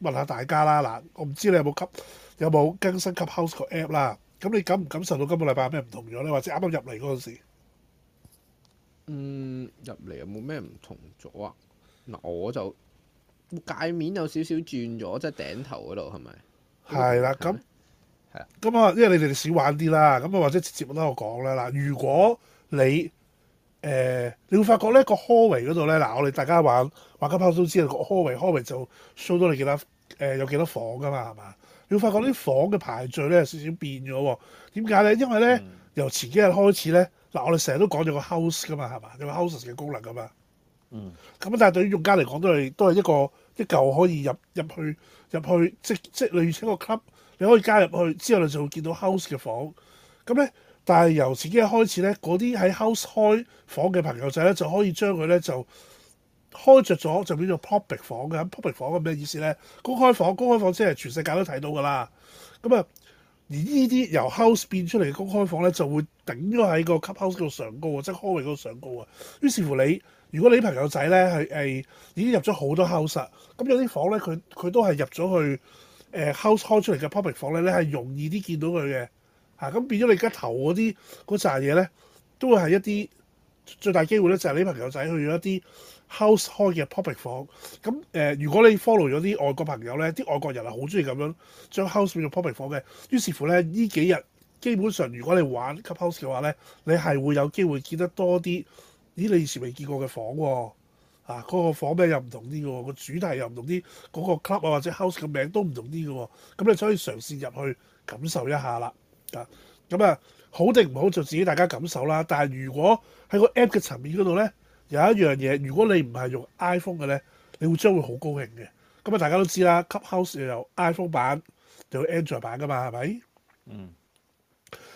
問下大家啦，嗱，我唔知你有冇吸，有冇更新 Clubhouse 個 App 啦。咁你感唔感受到今個禮拜有咩唔同咗呢？或者啱啱入嚟嗰陣時，嗯，入嚟有冇咩唔同咗啊？嗱，我就界面有少少轉咗，即係頂頭嗰度係咪？係啦，咁咁啊，因為你哋少玩啲啦，咁啊，或者直接攞我講啦。嗱，如果你誒、呃，你會發覺咧，那個 hallway 嗰度咧，嗱我哋大家玩玩緊 house 都知道，那個 hallway hallway 就 show 到你幾多誒、呃、有幾多房噶嘛，係嘛？你會發覺啲房嘅排序咧有少少變咗喎。點解咧？因為咧、嗯，由前幾日開始咧，嗱我哋成日都講咗個 house 噶嘛，係嘛？有個 house 嘅功能噶嘛。嗯。咁但係對於用家嚟講都係都係一個一嚿可以入入去入去，即即類似一個 club，你可以加入去之後，你就會見到 house 嘅房。咁咧。但係由自己開始咧，嗰啲喺 house 開房嘅朋友仔咧，就可以將佢咧就開着咗，就變做 public 房嘅。public 房咁咩意思咧？公開房，公開房即係全世界都睇到噶啦。咁、嗯、啊，而呢啲由 house 變出嚟嘅公開房咧，就會頂咗喺個 Clubhouse 度上高啊，即係 Hallway 度上高啊。於是乎你，如果你啲朋友仔咧係誒已經入咗好多 house，咁有啲房咧，佢佢都係入咗去誒 house、呃、開出嚟嘅 public 房咧，咧係容易啲見到佢嘅。嗱，咁、啊、變咗你而家頭嗰啲嗰扎嘢咧，都會係一啲最大機會咧，就係你朋友仔去咗一啲 house 開嘅 public 房。咁、嗯、誒、呃，如果你 follow 咗啲外國朋友咧，啲外國人係好中意咁樣將 house 變做 public 房嘅。於是乎咧，呢幾日基本上如果你玩 club house 嘅話咧，你係會有機會見得多啲咦？你以前未見過嘅房喎、哦、啊！嗰、那個房名又唔同啲嘅、哦，那個主題又唔同啲，嗰、那個 club 啊或者 house 嘅名都唔同啲嘅、哦。咁你就可以嘗試入去感受一下啦。啊，咁啊，好定唔好就自己大家感受啦。但係如果喺個 app 嘅層面嗰度咧，有一樣嘢，如果你唔係用 iPhone 嘅咧，你會將會好高興嘅。咁啊，大家都知啦，Clubhouse 又有 iPhone 版，有 Android 版噶嘛，係咪？嗯。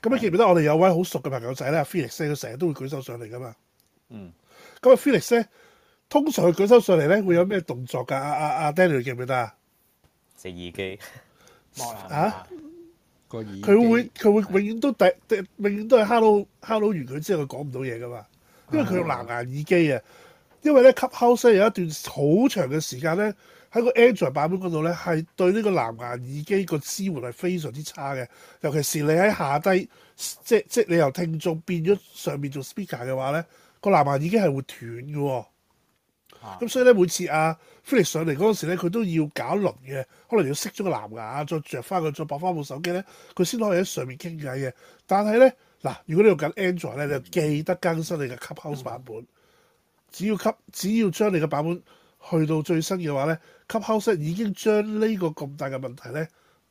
咁啊，你記唔記得我哋有位好熟嘅朋友仔咧，阿 Felix，佢成日都會舉手上嚟噶嘛。嗯。咁啊，Felix 咧，通常佢舉手上嚟咧，會有咩動作噶？啊、嗯，啊、嗯，啊 Daniel 記唔記得啊？食耳機。嚇？佢會佢會永遠都第第永遠都係 hello hello 完佢之後，佢講唔到嘢噶嘛，因為佢用藍牙耳機啊，因為咧 Clubhouse 有一段好長嘅時間咧，喺個 Android 版本嗰度咧係對呢個藍牙耳機個支援係非常之差嘅，尤其是你喺下低即即你由聽眾變咗上面做 speaker 嘅話咧，個藍牙耳機係會斷嘅喎。咁、啊、所以咧，每次啊 Philip 上嚟嗰陣時咧，佢都要搞一輪嘅，可能要熄咗個藍牙，再着翻佢，再擺翻部手機咧，佢先可以喺上面傾偈嘅。但係咧，嗱，如果你用緊 Android 咧，你就記得更新你嘅 Clubhouse 版本。嗯、只要 c 只要將你嘅版本去到最新嘅話咧、嗯、，Clubhouse 已經將呢個咁大嘅問題咧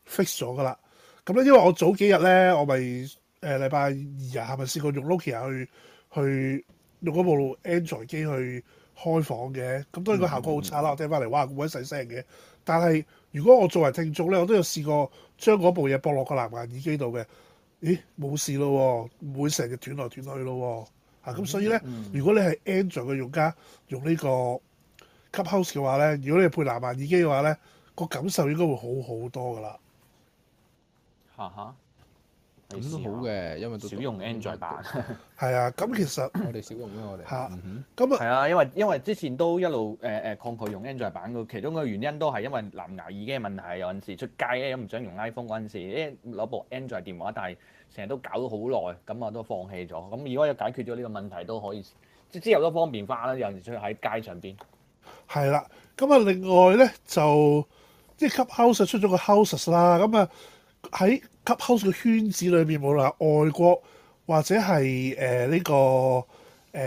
fix 咗噶啦。咁、嗯、咧，因為我早幾日咧，我咪誒禮拜二日係咪試過用 Loki、ok、去去，去用嗰部 Android 機去？去開房嘅，咁當然個效果好差啦！我聽翻嚟，哇，好鬼細聲嘅。但係如果我作為聽眾呢，我都有試過將嗰部嘢駁落個藍牙耳機度嘅，咦，冇事咯、哦，唔會成日斷來斷去咯、哦。嚇、嗯，咁、啊、所以呢，如果你係 Android 嘅用家，用呢個 Clubhouse 嘅話呢，如果你配藍牙耳機嘅話呢，個感受應該會好好多噶啦。嚇嚇！都好嘅，因為都少用 Android 版。係啊，咁其實我哋少用咯，我哋嚇。咁啊，係啊，因為因為之前都一路誒誒抗拒用 Android 版嘅，其中嘅原因都係因為藍牙耳機嘅問題，有陣時出街咧唔想用 iPhone 嗰陣時，誒攞部 Android 電話，但係成日都搞咗好耐，咁啊都放棄咗。咁而家又解決咗呢個問題，都可以即之後都方便返啦。有陣時出去喺街上邊。係啦，咁啊，另外咧就即係 House 出咗個 House 啦，咁啊。喺 Clubhouse 嘅圈子裏面，無論係外國或者係誒呢個誒誒、呃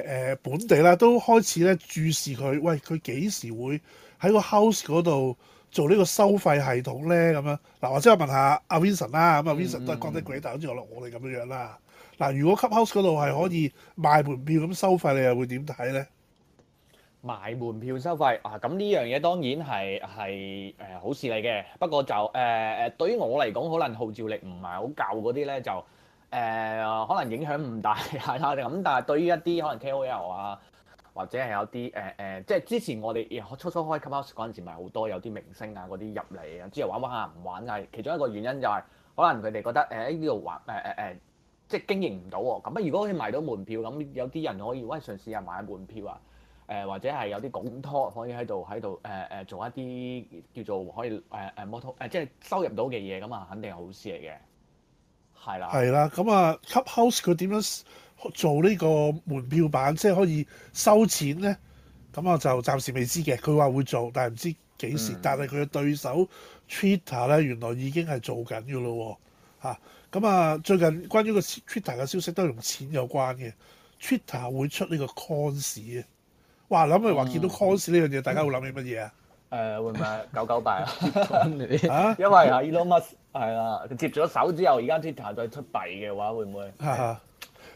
呃、本地啦，都開始咧注視佢。喂，佢幾時會喺個 house 嗰度做呢個收費系統咧？咁樣嗱，或者我問下阿 Vincent 啦，咁阿 Vincent 都係光輝一帶，好似我哋咁樣樣啦。嗱，如果 Clubhouse 嗰度係可以賣門票咁收費，你又會點睇咧？賣門票收費啊，咁呢樣嘢當然係係誒好事嚟嘅。不過就誒誒，對於我嚟講，可能號召力唔係好夠嗰啲咧，就誒可能影響唔大啦。咁但係對於一啲可能 KOL 啊，或者係有啲誒誒，即係之前我哋初初開 Clubhouse 嗰陣時，咪好多有啲明星啊嗰啲入嚟啊，之後玩玩下唔玩啊。但係其中一個原因就係可能佢哋覺得誒呢度玩誒誒誒，即係經營唔到喎。咁如果可以賣到門票，咁有啲人可以嘩嘗試下買門票啊。誒或者係有啲拱托可以喺度喺度誒誒做一啲叫做可以誒誒摩托誒即係收入到嘅嘢咁啊，肯定係好事嚟嘅，係啦，係啦咁啊。Clubhouse 佢點樣做呢個門票版，即係可以收錢咧？咁啊就暫時未知嘅。佢話會做，但係唔知幾時。嗯、但係佢嘅對手 Twitter 咧，原來已經係做緊㗎咯嚇咁啊。最近關於個 Twitter 嘅消息都同錢有關嘅。Twitter 會出呢個 Coins 啊。話諗係話見到 coins 呢樣嘢，大家會諗起乜嘢啊？誒，會唔會狗狗幣啊？因為啊，Elon Musk 係啦，佢接咗手之後，而家 Twitter 再出幣嘅話，會唔會？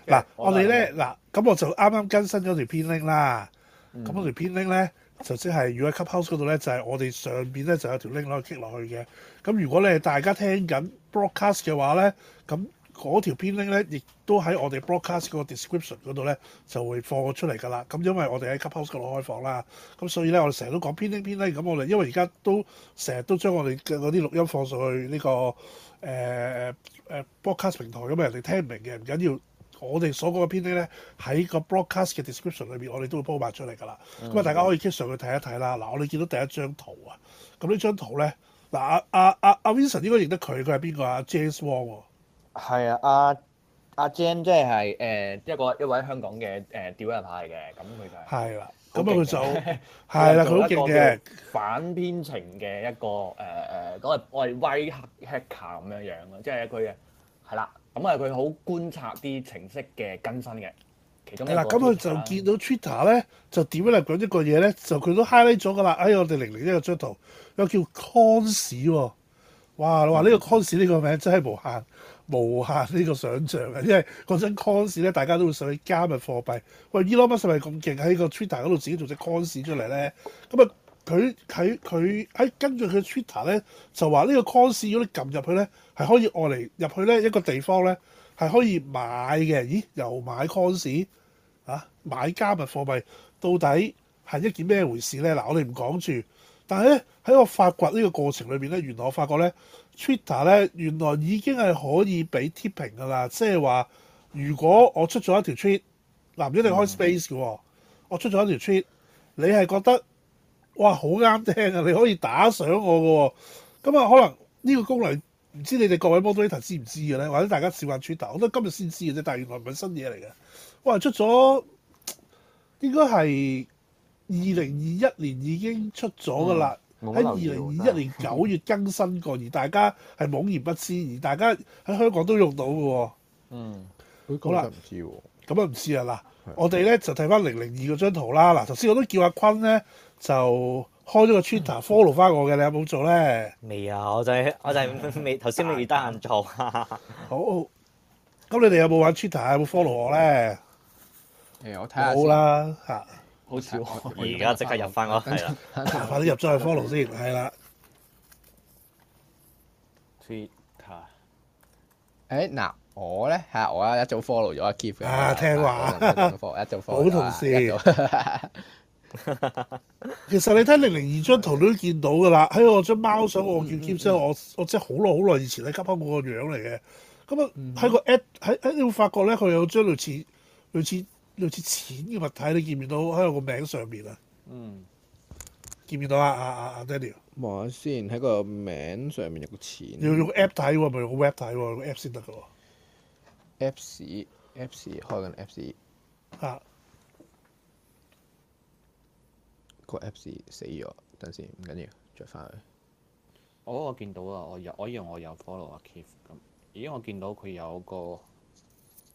嗱，我哋咧，嗱、啊，咁我就啱啱更新咗條編拎啦。咁嗰條編拎咧，就即、就、係、係、如果喺 Clubhouse 嗰度咧，就係、係、我哋上邊咧就有條拎可以 click 落去嘅。咁如果你係大家聽緊 broadcast 嘅話咧，咁。嗰條 pinned link 咧，亦都喺我哋 broadcast 個 description 嗰度咧，就會放出嚟噶啦。咁因為我哋喺 Clubhouse 嗰度開放啦，咁所以咧我哋成日都講 pinned link pinned link 咁我哋，因為而家都成日都將我哋嘅嗰啲錄音放上去呢、這個誒誒、呃呃、broadcast 平台咁啊，人哋聽唔明嘅，唔緊要。我哋所講嘅 pinned link 咧喺個 broadcast 嘅 description 裏面，我哋都會鋪埋出嚟噶啦。咁啊、mm，hmm. 大家可以上去睇一睇啦。嗱，我哋見到第一張圖,張圖啊，咁呢張圖咧，嗱、啊、阿阿、啊、阿 Vincent 應該認得佢，佢係邊個啊？James Wong。係啊！阿阿 Jane 即係誒一個一位香港嘅誒 developer 嚟嘅，咁佢就係啦。咁啊，佢就係啦，佢好勁嘅，反編程嘅一個誒誒，我我係威客 hacker 咁樣樣嘅，即係佢係啦。咁、嗯、啊，佢好、就是、觀察啲程式嘅更新嘅其中一個啦。咁佢的就見到 Twitter 咧、嗯，就點樣嚟講一個嘢咧？就佢都 highlight 咗噶啦。哎我哋零零一個張圖，個叫 Coins 喔，哇！話呢個 Coins 呢個名真係無限。無限呢個想像嘅，因為講真，Coins 咧大家都會想加密貨幣。喂，Elon Musk 係咪咁勁喺個 Twitter 嗰度自己做隻 Coins 出嚟咧？咁啊，佢喺佢喺跟住佢 Twitter 咧，就話呢個 Coins 如果你撳入去咧，係可以愛嚟入去咧一個地方咧，係可以買嘅。咦？又買 Coins 啊？買加密貨幣到底係一件咩回事咧？嗱，我哋唔講住。但係咧喺我發掘呢個過程裏邊咧，原來我發覺咧。Twitter 咧原來已經係可以俾 tipping 噶啦，即係話如果我出咗一條 tweet，嗱，唔一定開 space 嘅、哦，mm hmm. 我出咗一條 tweet，你係覺得哇好啱聽啊，你可以打賞我嘅、哦，咁、嗯、啊可能呢個功能唔知你哋各位 moderator、er、知唔知嘅咧，或者大家少玩 Twitter，我都今日先知嘅啫，但係原來唔係新嘢嚟嘅，哇出咗應該係二零二一年已經出咗嘅啦。Mm hmm. 喺二零二一年九月更新過，嗯、而大家係懵然不知，而大家喺香港都用到嘅喎。嗯，好啦吧，唔知喎。咁啊唔知啊，嗱，的我哋咧就睇翻零零二嗰張圖啦。嗱，頭先我都叫阿坤咧就開咗個 Twitter、嗯、follow 翻我嘅，你有冇做咧？未啊，我就係、是、我就係、是、未，頭先未得閒做 好。好，咁你哋有冇玩 Twitter 有冇 follow 我咧？誒、嗯，我睇下冇啦，嚇看。好少，我而家即刻入翻我係啦，快啲入咗去 follow 先，係啦。Twitter，誒，嗱我咧係我一早 follow 咗阿 Keep 嘅，啊聽話，一早 follow，好同事。其實你睇零零二張圖都見到㗎啦，喺我張貓相，我叫 Keep 相，我我即係好耐好耐以前喺吉我個樣嚟嘅。咁啊喺個 app 喺喺你會發覺咧，佢有張類似類似。好似錢嘅物體，你見唔到喺我個名上面啊？嗯，見唔見到啊啊啊，Daniel？啊望下先，喺個名上面有個錢。要用 app 睇喎，唔係用個 web 睇喎，個 app 先得噶喎。Apps，Apps 開緊，Apps 嚇！個 Apps 死咗，等先，唔緊要，再翻去。哦，我見到啦，我有，我以為我有 follow 阿 Keith 咁，咦，我見到佢有個。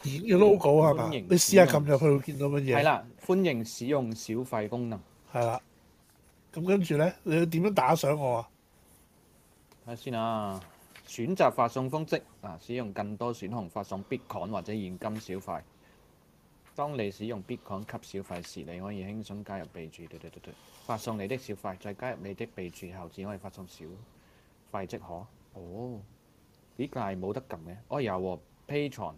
嘅 logo 係嘛？你試下撳入去會見到乜嘢？係啦，歡迎使用小費功能。係啦，咁跟住咧，你要點樣打賞我啊？睇下先啊，選擇發送方式啊，使用更多選項發送 Bitcoin 或者現金小費。當你使用 Bitcoin 給小費時，你可以輕鬆加入備註。對對對對，發送你的小費，再加入你的備註後，只可以發送小費即可。哦，呢個係冇得撳嘅，我、哦、有喎、哦、Patreon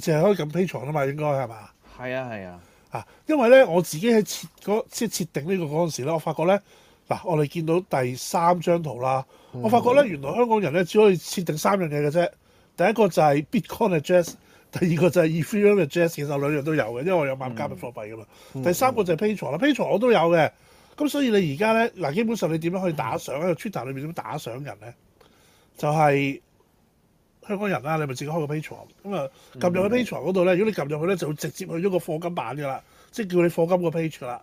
淨係可以撳 pay 藏啊嘛，應該係嘛？係啊係啊，啊，啊，因為咧我自己喺設即係設定呢個嗰陣時咧，我發覺咧嗱、啊，我哋見到第三張圖啦，我發覺咧、嗯、原來香港人咧只可以設定三樣嘢嘅啫。第一個就係 Bitcoin 嘅 address，第二個就係 Ethereum 嘅 address，其實兩樣都有嘅，因為我有玩加密貨幣噶嘛。嗯、第三個就係 pay 藏啦，pay 藏我都有嘅。咁所以你而家咧嗱，基本上你點樣去打賞喺 Twitter 裏面點打賞人咧？就係、是。香港人啦、啊，你咪自己開個 page 喎，咁啊撳入去 page 嗰度咧，如果你撳入去咧，就會直接去咗個課金版噶啦，即係叫你課金個 page 啦。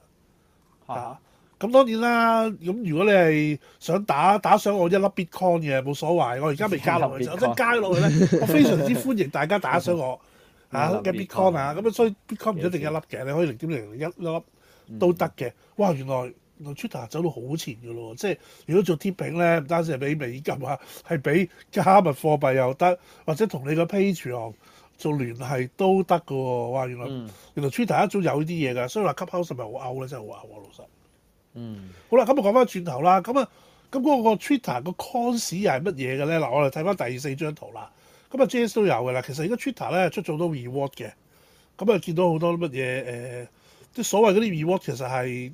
嚇、啊，咁、啊、當然啦，咁如果你係想打打賞我一粒 bitcoin 嘅，冇所謂，我而家未加落去，就即係加落去咧， 我非常之歡迎大家打賞我嚇嘅 bitcoin 啊，咁所以 bitcoin 唔一定一粒嘅，你、嗯、可以零點零零一粒都得嘅，哇原來！原來 Twitter 走到好前㗎咯，即係如果做貼餅咧，唔單止係俾美金啊，係俾加密貨幣又得，或者同你個 Pay 存行做聯繫都得㗎喎。哇！原來、嗯、原來 Twitter 一早有呢啲嘢㗎，所以話吸口是咪好歐咧，真係好歐。老實嗯好啦，咁啊講翻轉頭啦，咁啊咁嗰個 Twitter 個 cons 係乜嘢嘅咧？嗱，我哋睇翻第四張圖啦。咁啊，J.S 都有㗎啦。其實而家 Twitter 咧出咗好多 reward 嘅，咁啊見到好多乜嘢誒，即、呃、係所謂嗰啲 reward 其實係。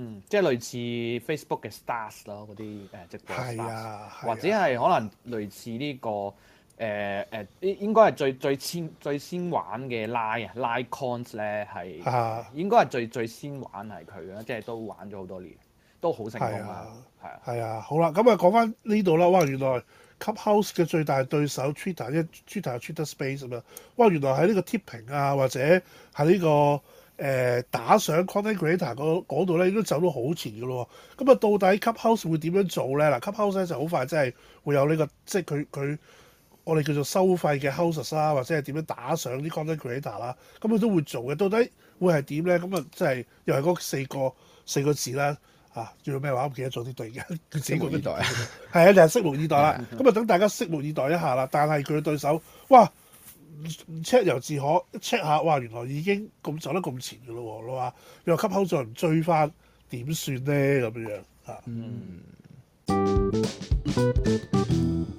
嗯，即係類似 Facebook 嘅 Stars 咯，嗰啲誒直播。係啊，啊或者係可能類似呢、呢個誒誒、呃，應應該係最最先最先玩嘅 Line 啊，Line Coins 咧係，應該係最最先玩係佢啦，即係都玩咗好多年，都好成功啊。係啊，係啊，好啦，咁啊講翻呢度啦。哇，原來 Clubhouse 嘅最大對手 Twitter，即 Twitter、Twitter, Twitter, Twitter Space 咁樣。哇，原來喺呢個 tipping 啊，或者喺呢、呢個。誒、呃、打上 content creator、那個講到咧，已經走到好前㗎咯。咁、嗯、啊，到底 Clubhouse 會點樣做咧？嗱、啊、Clubhouse 咧就好快，即係會有呢、這個即係佢佢我哋叫做收費嘅 house 啊，或者係點樣打上啲 content creator 啦、啊。咁、嗯、佢都會做嘅。到底會係點咧？咁、嗯、啊，即、就、係、是、又係嗰四個四個字啦、啊。嚇、啊、叫做咩話？唔、啊、記得咗啲對嘅，佢拭目以待。係啊，就係拭目以待啦。咁啊，等大家拭目以待一下啦、啊。但係佢嘅對手，哇！唔 check 由自可，check 下哇，原來已經咁走得咁前㗎咯喎，你話又吸口再唔追翻點算呢？咁樣樣嚇。嗯嗯